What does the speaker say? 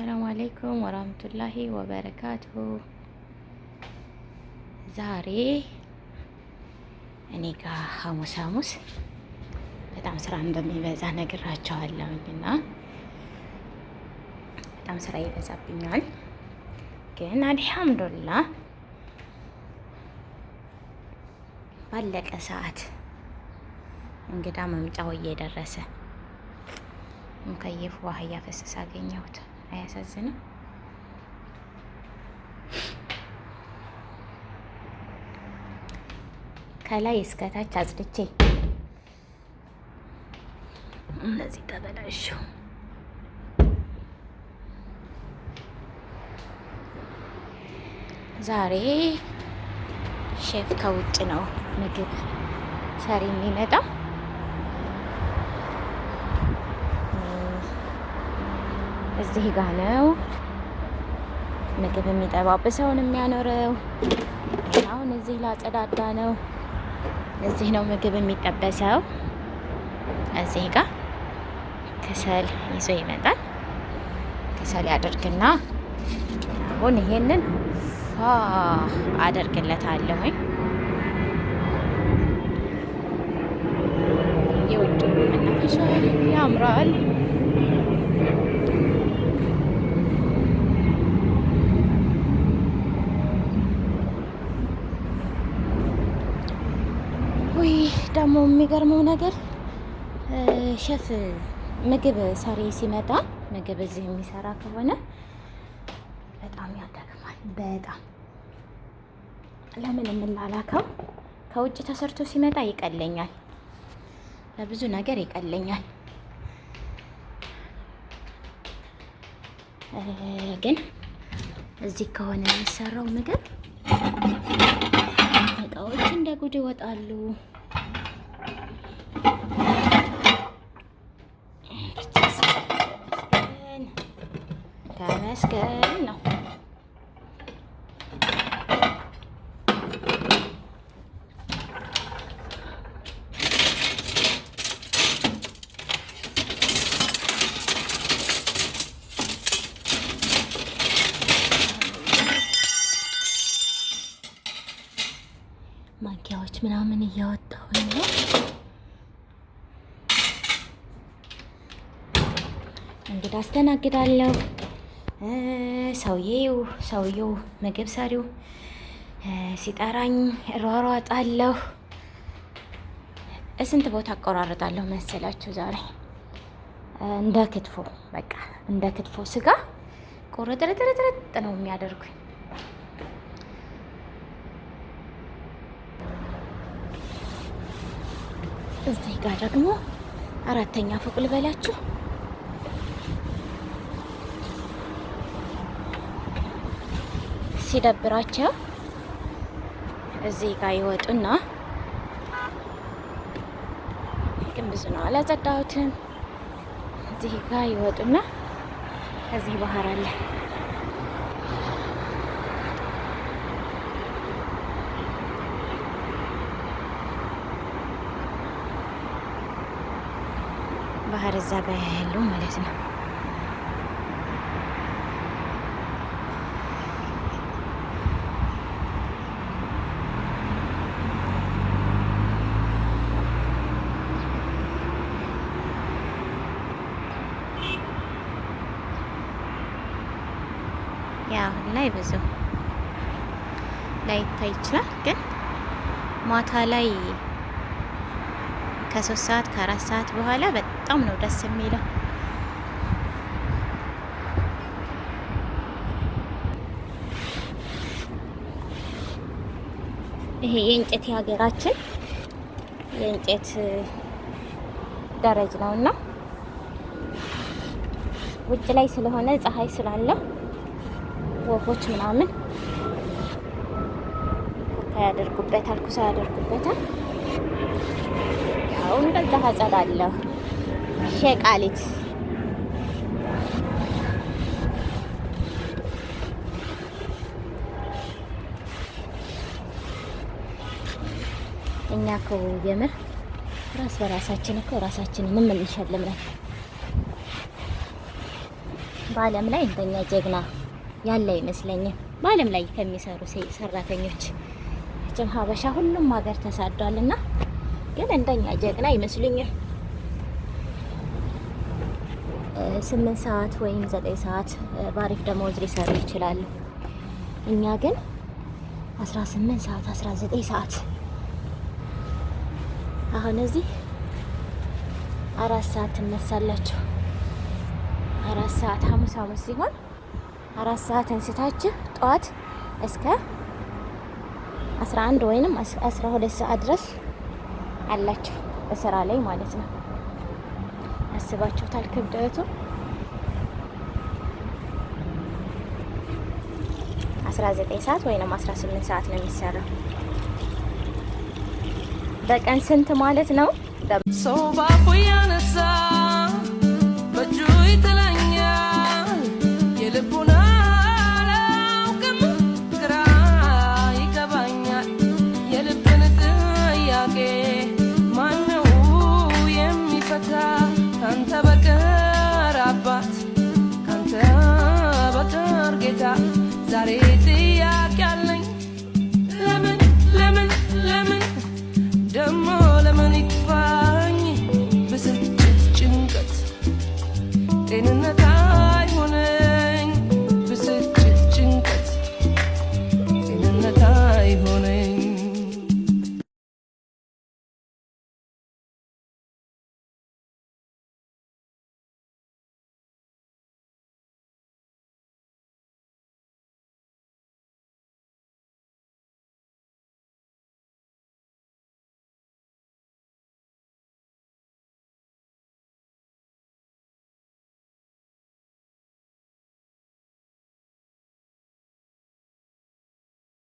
አሰላሙ አለይኩም ወራህመቱላሂ ወበረካቱ። ዛሬ እኔ ጋር ሐሙስ ሐሙስ በጣም ስራ እንደሚበዛ ነግራቸዋለሁኝና በጣም ስራ ይበዛብኛል፣ ግን አልሐምዱሊላህ ባለቀ ሰዓት እንግዳ መምጫው እየደረሰ ሙከየፍ ውሃ እያፈሰሰ አገኘሁት። አያሳዝንም? ከላይ እስከታች አጽድቼ እነዚህ ተበላሹ። ዛሬ ሼፍ ከውጭ ነው ምግብ ሰሪ የሚመጣው። እዚህ ጋ ነው ምግብ የሚጠባብሰውን የሚያኖረው። አሁን እዚህ ላጸዳዳ ነው። እዚህ ነው ምግብ የሚጠበሰው። እዚህ ጋ ከሰል ይዞ ይመጣል። ከሰል ያደርግና አሁን ይሄንን ፋ አደርግለታለሁኝ። የውጭ መናፈሻ ያምራል። ደግሞ የሚገርመው ነገር ሸፍ ምግብ ሰሪ ሲመጣ ምግብ እዚህ የሚሰራ ከሆነ በጣም ያደክማል። በጣም ለምን የምላላከው ከውጭ ተሰርቶ ሲመጣ ይቀለኛል፣ ለብዙ ነገር ይቀለኛል። ግን እዚህ ከሆነ የሚሰራው ምግብ እቃዎች እንደ ጉድ ይወጣሉ። ተመስገን ነው። ማንኪያዎች ምናምን እያወጣሁ ነው። እንግዲህ አስተናግዳለሁ። ሰውዬው ሰውዬው ምግብ ሰሪው ሲጠራኝ ሯሯጣለሁ። ስንት ቦታ አቆራርጣለሁ መሰላችሁ? ዛሬ እንደ ክትፎ በቃ እንደ ክትፎ ስጋ ቁርጥርጥርጥርጥ ነው የሚያደርጉኝ። እዚህ ጋር ደግሞ አራተኛ ፎቅ ልበላችሁ ሲደብራቸው እዚህ ጋር ይወጡና ግን ብዙ ነው አላጸዳሁትም። እዚህ ጋር ይወጡና ከዚህ ባህር አለ ባህር እዛ ጋ ያለው ማለት ነው። የአሁን ላይ ብዙ ላይ ላይታይ ይችላል፣ ግን ማታ ላይ ከሶስት ሰዓት ከአራት ሰዓት በኋላ በጣም ነው ደስ የሚለው። ይሄ የእንጨት የሀገራችን የእንጨት ደረጅ ነውና ውጭ ላይ ስለሆነ ፀሐይ ስላለው ወፎች ምናምን ያደርጉበታል፣ ኩሳ ያደርጉበታል። ያው እንደዛ አጸዳለሁ። ሸቃሊት እኛ እኮ የምር ራስ በራሳችን እኮ ራሳችን ምን የምንሸልም ነን። በዓለም ላይ እንደኛ ጀግና ያለ አይመስለኝም። በዓለም ላይ ከሚሰሩ ሰራተኞች ጀም ሀበሻ ሁሉም ሀገር ተሳዷልና ግን እንደኛ ጀግና አይመስሉኝም። ስምንት ሰዓት ወይም ዘጠኝ ሰዓት በአሪፍ ደሞዝ ሊሰሩ ይችላሉ። እኛ ግን አስራ ስምንት ሰዓት አስራ ዘጠኝ ሰዓት አሁን እዚህ አራት ሰዓት ትነሳላችሁ። አራት ሰዓት ሀሙስ ሀሙስ ሲሆን አራት ሰዓት እንስታችሁ ጠዋት እስከ 11 ወይንም 12 ሰዓት ድረስ አላችሁ በስራ ላይ ማለት ነው። አስባችሁታል ክብደቱ 19 ሰዓት ወይንም 18 ሰዓት ነው የሚሰራው። በቀን ስንት ማለት ነው? everybody.